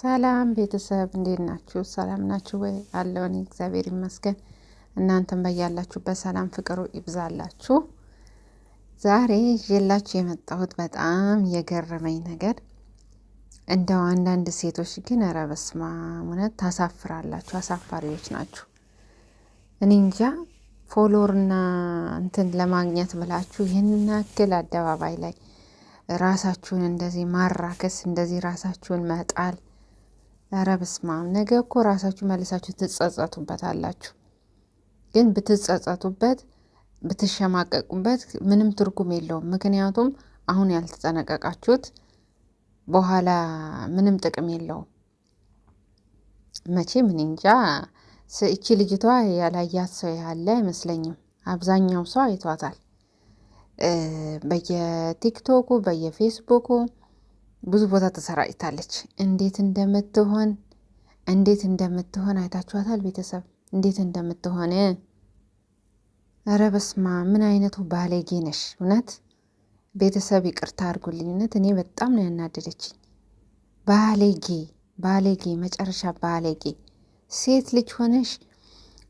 ሰላም ቤተሰብ እንዴት ናችሁ? ሰላም ናችሁ ወይ? አለውን እግዚአብሔር ይመስገን። እናንተም በያላችሁ በሰላም ፍቅሩ ይብዛላችሁ። ዛሬ ይዤላችሁ የመጣሁት በጣም የገረመኝ ነገር እንደው አንዳንድ ሴቶች ግን ኧረ በስመ አብ እውነት ታሳፍራላችሁ፣ አሳፋሪዎች ናችሁ። እኔ እንጃ እንትን ለማግኘት ብላችሁ ይህንን ያክል አደባባይ ላይ ራሳችሁን እንደዚህ ማራከስ፣ እንደዚህ ራሳችሁን መጣል ኧረ በስመ አብ ነገ እኮ ራሳችሁ መልሳችሁ ትጸጸቱበት አላችሁ። ግን ብትጸጸቱበት ብትሸማቀቁበት ምንም ትርጉም የለውም። ምክንያቱም አሁን ያልተጠነቀቃችሁት በኋላ ምንም ጥቅም የለውም። መቼ ምን እንጃ እቺ ልጅቷ ያላያት ሰው ያለ አይመስለኝም። አብዛኛው ሰው አይቷታል፣ በየቲክቶኩ በየፌስቡኩ ብዙ ቦታ ተሰራጭታለች። እንዴት እንደምትሆን እንዴት እንደምትሆን አይታችኋታል ቤተሰብ እንዴት እንደምትሆን። ኧረ ምን አይነቱ ባለጌ ነሽ! እውነት ቤተሰብ ይቅርታ አድርጉልኝ። እውነት እኔ በጣም ነው ያናደደችኝ። ባለጌ ባለጌ፣ መጨረሻ ባለጌ። ሴት ልጅ ሆነሽ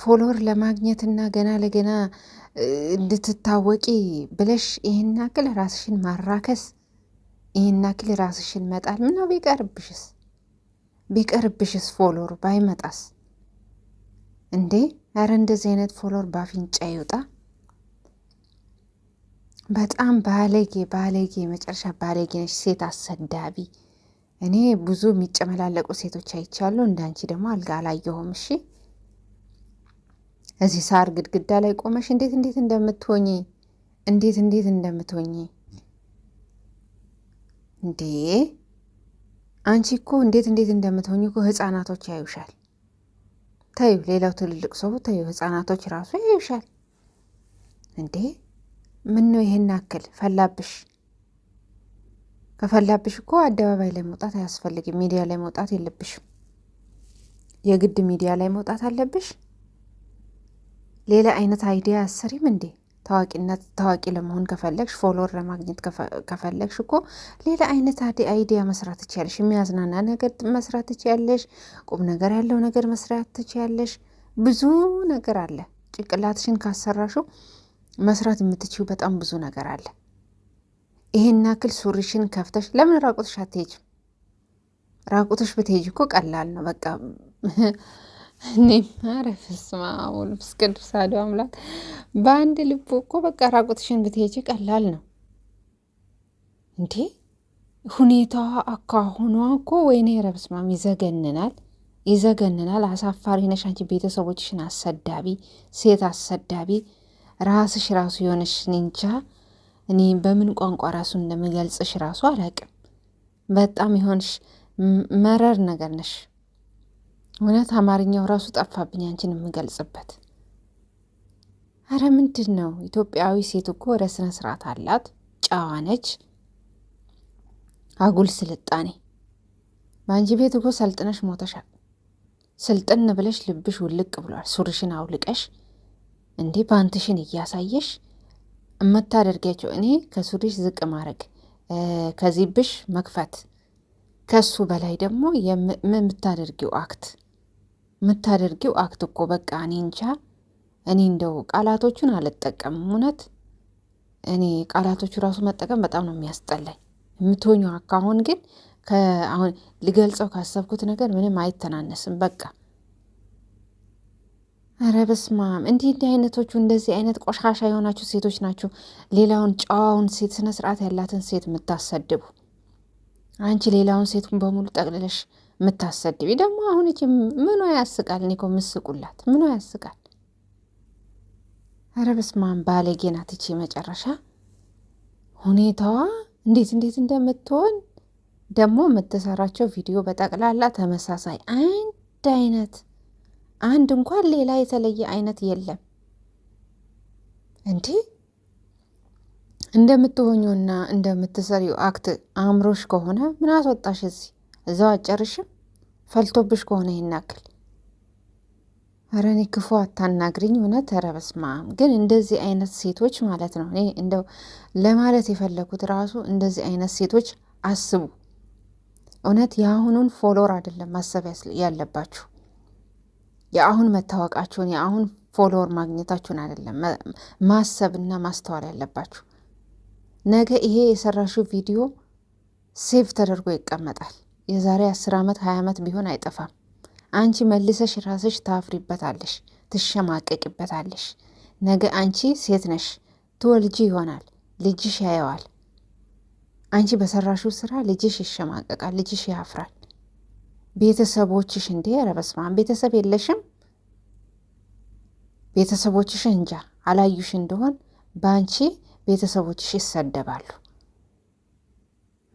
ፎሎወር ለማግኘትና ገና ለገና እንድትታወቂ ብለሽ ይህን ያክል ራስሽን ማራከስ ይህን ያክል ራስሽን መጣል ምና ቢቀርብሽስ ቢቀርብሽስ ፎሎር ባይመጣስ እንዴ ኧረ እንደዚህ አይነት ፎሎር ባፍንጫ ይውጣ በጣም ባለጌ ባለጌ መጨረሻ ባለጌ ነች ሴት አሰዳቢ እኔ ብዙ የሚጨመላለቁ ሴቶች አይቻሉ እንዳንቺ ደግሞ አልጋ አላየሁም እሺ እዚህ ሳር ግድግዳ ላይ ቆመሽ እንዴት እንዴት እንደምትሆኚ እንዴት እንዴት እንደምትሆኚ እንዴ አንቺ እኮ እንዴት እንዴት እንደምትሆኝ እኮ ህፃናቶች ያዩሻል። ተዩ፣ ሌላው ትልልቅ ሰው ተዩ፣ ህፃናቶች ራሱ ያዩሻል። እንዴ ምን ነው ይህን አክል ፈላብሽ? ከፈላብሽ እኮ አደባባይ ላይ መውጣት አያስፈልግም። ሚዲያ ላይ መውጣት የለብሽም። የግድ ሚዲያ ላይ መውጣት አለብሽ? ሌላ አይነት አይዲያ አሰሪም እንዴ ታዋቂነት ታዋቂ ለመሆን ከፈለግሽ ፎሎወር ለማግኘት ከፈለግሽ እኮ ሌላ አይነት አይዲያ መስራት ትችያለሽ። የሚያዝናና ነገር መስራት ትችያለሽ። ቁም ነገር ያለው ነገር መስራት ትችያለሽ። ብዙ ነገር አለ። ጭንቅላትሽን ካሰራሹ መስራት የምትችው በጣም ብዙ ነገር አለ። ይሄን ያክል ሱሪሽን ከፍተሽ ለምን ራቁትሽ አትሄጅም? ራቁትሽ ብትሄጅ እኮ ቀላል ነው በቃ እኔም ኧረ በስመ አብ ቅዱስ አሐዱ አምላክ። በአንድ እኮ በቃ ራቁትሽን ብትሄጂ ቀላል ነው እንዴ! ሁኔታዋ አካሁኗ እኮ ወይኔ፣ ኧረ በስመ አብ ይዘገንናል፣ ይዘገንናል። አሳፋሪ ነሽ አንቺ። ቤተሰቦችሽን አሰዳቢ፣ ሴት አሰዳቢ፣ ራስሽ ራሱ የሆነሽ እኔ በምን ቋንቋ ራሱ እንደምገልጽሽ ራሱ አላቅም። በጣም የሆንሽ መረር ነገር ነሽ። እውነት አማርኛው ራሱ ጠፋብኝ አንቺን የምገልጽበት። አረ ምንድን ነው ኢትዮጵያዊ ሴት እኮ ወደ ስነ ስርዓት አላት፣ ጨዋ ነች። አጉል ስልጣኔ በአንቺ ቤት እኮ ሰልጥነሽ ሞተሻል። ስልጥን ብለሽ ልብሽ ውልቅ ብሏል። ሱርሽን አውልቀሽ እንዴ ፓንትሽን እያሳየሽ እምታደርጊያቸው እኔ ከሱሪሽ ዝቅ ማድረግ ብሽ መክፈት ከሱ በላይ ደግሞ የምታደርጊው አክት የምታደርጊው አክት እኮ በቃ እኔ እንቻ እኔ እንደው ቃላቶቹን አልጠቀምም። እውነት እኔ ቃላቶቹ ራሱ መጠቀም በጣም ነው የሚያስጠላኝ። የምትሆኙ አካሁን ግን አሁን ልገልጸው ካሰብኩት ነገር ምንም አይተናነስም። በቃ ኧረ በስመ አብ! እንዲህ እንዲህ አይነቶቹ እንደዚህ አይነት ቆሻሻ የሆናችሁ ሴቶች ናችሁ። ሌላውን ጨዋውን ሴት ስነ ስርዓት ያላትን ሴት የምታሰድቡ አንቺ ሌላውን ሴቱን በሙሉ ጠቅልለሽ የምታሰድቢ ደግሞ አሁን ይቺ ምኖ ያስቃል? እኔ እኮ ምስቁላት ምኖ ያስቃል? ኧረ በስመ አብ ባለጌ ናት ይቺ። መጨረሻ ሁኔታዋ እንዴት እንዴት እንደምትሆን ደግሞ የምትሰራቸው ቪዲዮ በጠቅላላ ተመሳሳይ አንድ አይነት አንድ እንኳን ሌላ የተለየ አይነት የለም። እንዲህ እንደምትሆኙና እንደምትሰሪው አክት አእምሮሽ ከሆነ ምን አስወጣሽ እዚህ እዛው አጨርሽም ፈልቶብሽ ከሆነ ይናክል። ኧረ እኔ ክፉ አታናግሪኝ። እውነት ኧረ በስመ አብ ግን እንደዚህ አይነት ሴቶች ማለት ነው። እኔ እንደው ለማለት የፈለኩት ራሱ እንደዚህ አይነት ሴቶች አስቡ። እውነት የአሁኑን ፎሎወር አይደለም ማሰብ ያለባችሁ፣ የአሁን መታወቃችሁን የአሁን ፎሎወር ማግኘታችሁን አይደለም ማሰብና ማስተዋል ያለባችሁ። ነገ ይሄ የሰራሽው ቪዲዮ ሴቭ ተደርጎ ይቀመጣል። የዛሬ አስር ዓመት ሀያ ዓመት ቢሆን አይጠፋም። አንቺ መልሰሽ ራስሽ ታፍሪበታለሽ፣ ትሸማቀቂበታለሽ። ነገ አንቺ ሴት ነሽ፣ ትወልጂ ይሆናል፣ ልጅሽ ያየዋል። አንቺ በሰራሹ ስራ ልጅሽ ይሸማቀቃል፣ ልጅሽ ያፍራል። ቤተሰቦችሽ እንዴ! ኧረ በስመ አብ! ቤተሰብ የለሽም። ቤተሰቦችሽ እንጃ አላዩሽ እንደሆን በአንቺ ቤተሰቦችሽ ይሰደባሉ።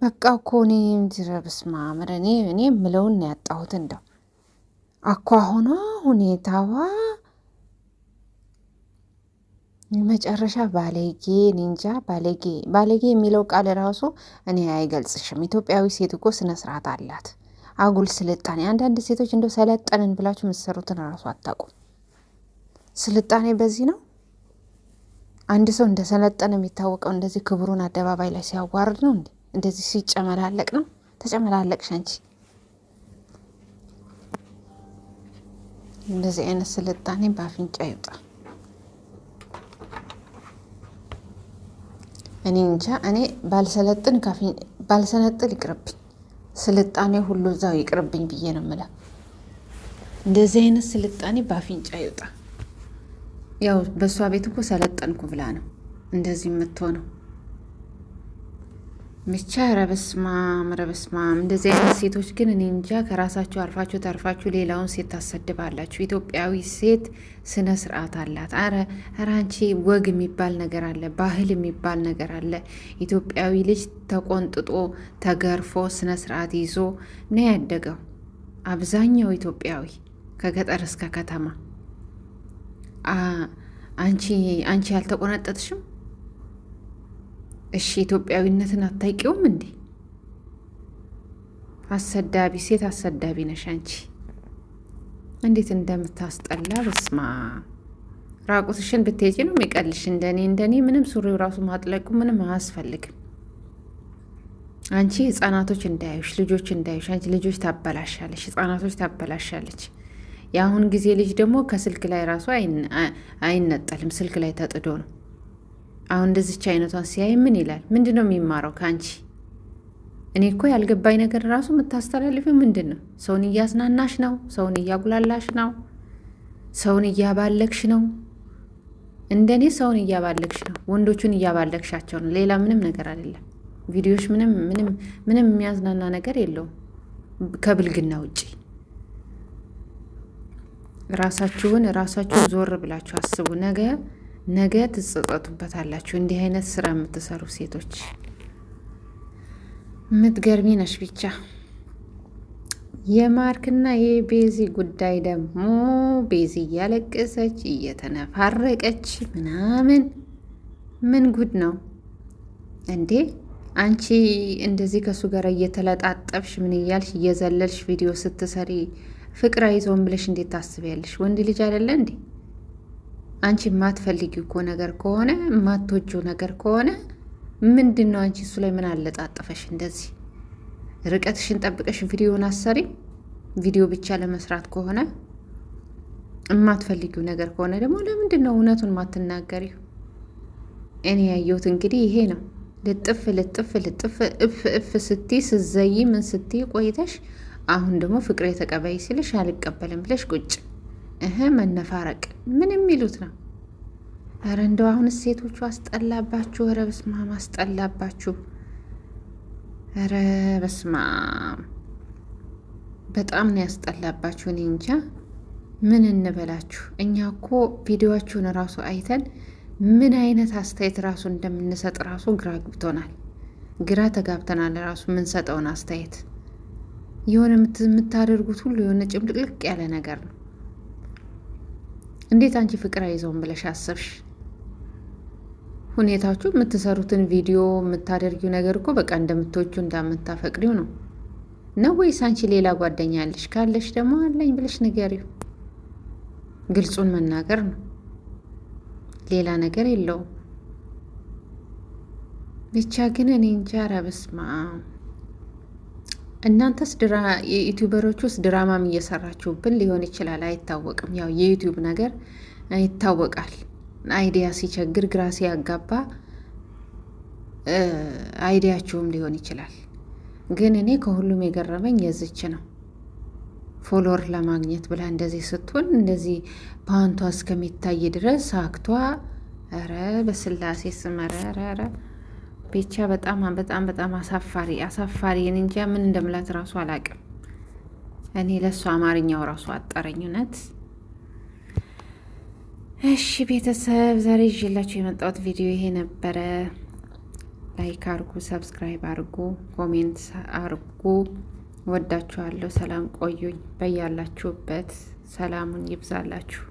በቃ እኮ እኔ ምድረ በስመ እኔ እኔ ምለውን ያጣሁት እንደው አኳኋኗ ሁኔታዋ መጨረሻ ባለጌ ኒንጃ ባለጌ ባለጌ የሚለው ቃል ራሱ እኔ አይገልጽሽም። ኢትዮጵያዊ ሴት እኮ ስነ ስርዓት አላት። አጉል ስልጣኔ አንዳንድ ሴቶች እንደው ሰለጠንን ብላችሁ የምትሰሩትን ራሱ አታውቁም። ስልጣኔ በዚህ ነው። አንድ ሰው እንደ ሰለጠን የሚታወቀው እንደዚህ ክብሩን አደባባይ ላይ ሲያዋርድ ነው እንዴ? እንደዚህ ሲጨመላለቅ ነው። ተጨመላለቅሽ አንቺ። እንደዚህ አይነት ስልጣኔ በአፍንጫ ይውጣ። እኔ እንጃ። እኔ ባልሰለጥን ባልሰለጥን ይቅርብኝ፣ ስልጣኔ ሁሉ እዛው ይቅርብኝ ብዬ ነው የምለው። እንደዚህ አይነት ስልጣኔ በአፍንጫ ይውጣ። ያው በእሷ ቤት እኮ ሰለጠንኩ ብላ ነው እንደዚህ የምትሆነው። ብቻ ረበስማም ረበስማም እንደዚህ አይነት ሴቶች ግን እኔ እንጃ ከራሳችሁ አልፋችሁ ተርፋችሁ ሌላውን ሴት ታሰድባላችሁ። ኢትዮጵያዊ ሴት ስነ ስርዓት አላት። አረ ራንቺ ወግ የሚባል ነገር አለ፣ ባህል የሚባል ነገር አለ። ኢትዮጵያዊ ልጅ ተቆንጥጦ ተገርፎ ስነ ስርዓት ይዞ ነው ያደገው። አብዛኛው ኢትዮጵያዊ ከገጠር እስከ ከተማ አንቺ አንቺ አልተቆነጠጥሽም እሺ ኢትዮጵያዊነትን አታውቂውም እንዴ? አሰዳቢ ሴት አሰዳቢ ነሽ አንቺ። እንዴት እንደምታስጠላ በስማ ራቁትሽን ብትሄጂ ነው የሚቀልሽ። እንደኔ እንደኔ ምንም ሱሪው ራሱ ማጥለቁ ምንም አያስፈልግም። አንቺ ህጻናቶች እንዳያዩሽ፣ ልጆች እንዳዩሽ። አንቺ ልጆች ታበላሻለች፣ ህጻናቶች ታበላሻለች። የአሁን ጊዜ ልጅ ደግሞ ከስልክ ላይ ራሱ አይነጠልም፣ ስልክ ላይ ተጥዶ ነው አሁን እንደዚች አይነቷን ሲያይ ምን ይላል? ምንድን ነው የሚማረው ከአንቺ? እኔ እኮ ያልገባኝ ነገር ራሱ የምታስተላልፊው ምንድን ነው? ሰውን እያዝናናሽ ነው፣ ሰውን እያጉላላሽ ነው፣ ሰውን እያባለግሽ ነው። እንደኔ ሰውን እያባለግሽ ነው፣ ወንዶቹን እያባለግሻቸው ነው። ሌላ ምንም ነገር አይደለም። ቪዲዮች ምንም ምንም ምንም የሚያዝናና ነገር የለውም ከብልግና ውጭ። ራሳችሁን ራሳችሁ ዞር ብላችሁ አስቡ ነገ ነገ ትጸጸቱበታላችሁ። እንዲህ አይነት ስራ የምትሰሩ ሴቶች ምትገርሚ ነሽ። ብቻ የማርክና የቤዚ ጉዳይ ደግሞ ቤዚ እያለቀሰች እየተነፋረቀች ምናምን ምን ጉድ ነው እንዴ? አንቺ እንደዚህ ከእሱ ጋር እየተለጣጠብሽ ምን እያልሽ እየዘለልሽ ቪዲዮ ስትሰሪ ፍቅር አይዞን ብለሽ እንዴት ታስቢያለሽ? ወንድ ልጅ አይደለ እንዴ? አንቺ የማትፈልጊው እኮ ነገር ከሆነ የማትወጂው ነገር ከሆነ ምንድን ነው አንቺ እሱ ላይ ምን አለጣጠፈሽ? እንደዚህ ርቀትሽን ጠብቀሽ ቪዲዮን አሰሪ። ቪዲዮ ብቻ ለመስራት ከሆነ የማትፈልጊው ነገር ከሆነ ደግሞ ለምንድን ነው እውነቱን ማትናገሪው? እኔ ያየሁት እንግዲህ ይሄ ነው። ልጥፍ ልጥፍ ልጥፍ እፍ እፍ ስትይ ስዘይ ምን ስትይ ቆይተሽ አሁን ደግሞ ፍቅሬ ተቀበይ ሲልሽ አልቀበልም ብለሽ ቁጭ እህ መነፋረቅ ምን የሚሉት ነው? ኧረ እንደው አሁን ሴቶቹ አስጠላባችሁ። ኧረ በስመ አብ አስጠላባችሁ። ኧረ በስመ አብ በጣም ነው ያስጠላባችሁ። እኔ እንጃ ምን እንበላችሁ። እኛ እኮ ቪዲዮችሁን ራሱ አይተን ምን አይነት አስተያየት ራሱ እንደምንሰጥ ራሱ ግራ ግብቶናል፣ ግራ ተጋብተናል። ራሱ ምንሰጠውን አስተያየት የሆነ የምታደርጉት ሁሉ የሆነ ጭምልቅልቅ ያለ ነገር ነው። እንዴት አንቺ ፍቅር አይዘውም ብለሽ አሰብሽ? ሁኔታችሁ የምትሰሩትን ቪዲዮ የምታደርጊው ነገር እኮ በቃ እንደምትወጁ እንዳምታፈቅሪው ነው ነው ወይስ አንቺ ሌላ ጓደኛ አለሽ? ካለሽ ደግሞ አለኝ ብለሽ ንገሪው። ግልጹን መናገር ነው፣ ሌላ ነገር የለውም። ብቻ ግን እኔ እንጃ። ኧረ በስመ አብ እናንተስ ዩቲዩበሮች ውስጥ ድራማም እየሰራችሁብን ሊሆን ይችላል፣ አይታወቅም። ያው የዩቲዩብ ነገር ይታወቃል። አይዲያ ሲቸግር ግራ ሲያጋባ አይዲያችሁም ሊሆን ይችላል። ግን እኔ ከሁሉም የገረመኝ የዝች ነው ፎሎወር ለማግኘት ብላ እንደዚህ ስትሆን እንደዚህ ፓንቷ እስከሚታይ ድረስ አክቷ ረ በስላሴ ስመረረረ ቤቻ በጣም በጣም በጣም አሳፋሪ አሳፋሪ እንጃ ምን እንደምላት ራሱ አላቅም። እኔ ለእሱ አማርኛው ራሱ አጠረኝ እውነት። እሺ ቤተሰብ ዛሬ ይዤላችሁ የመጣሁት ቪዲዮ ይሄ ነበረ። ላይክ አርጉ፣ ሰብስክራይብ አርጉ፣ ኮሜንት አርጉ። ወዳችኋለሁ። ሰላም ቆዩኝ። በያላችሁበት ሰላሙን ይብዛላችሁ።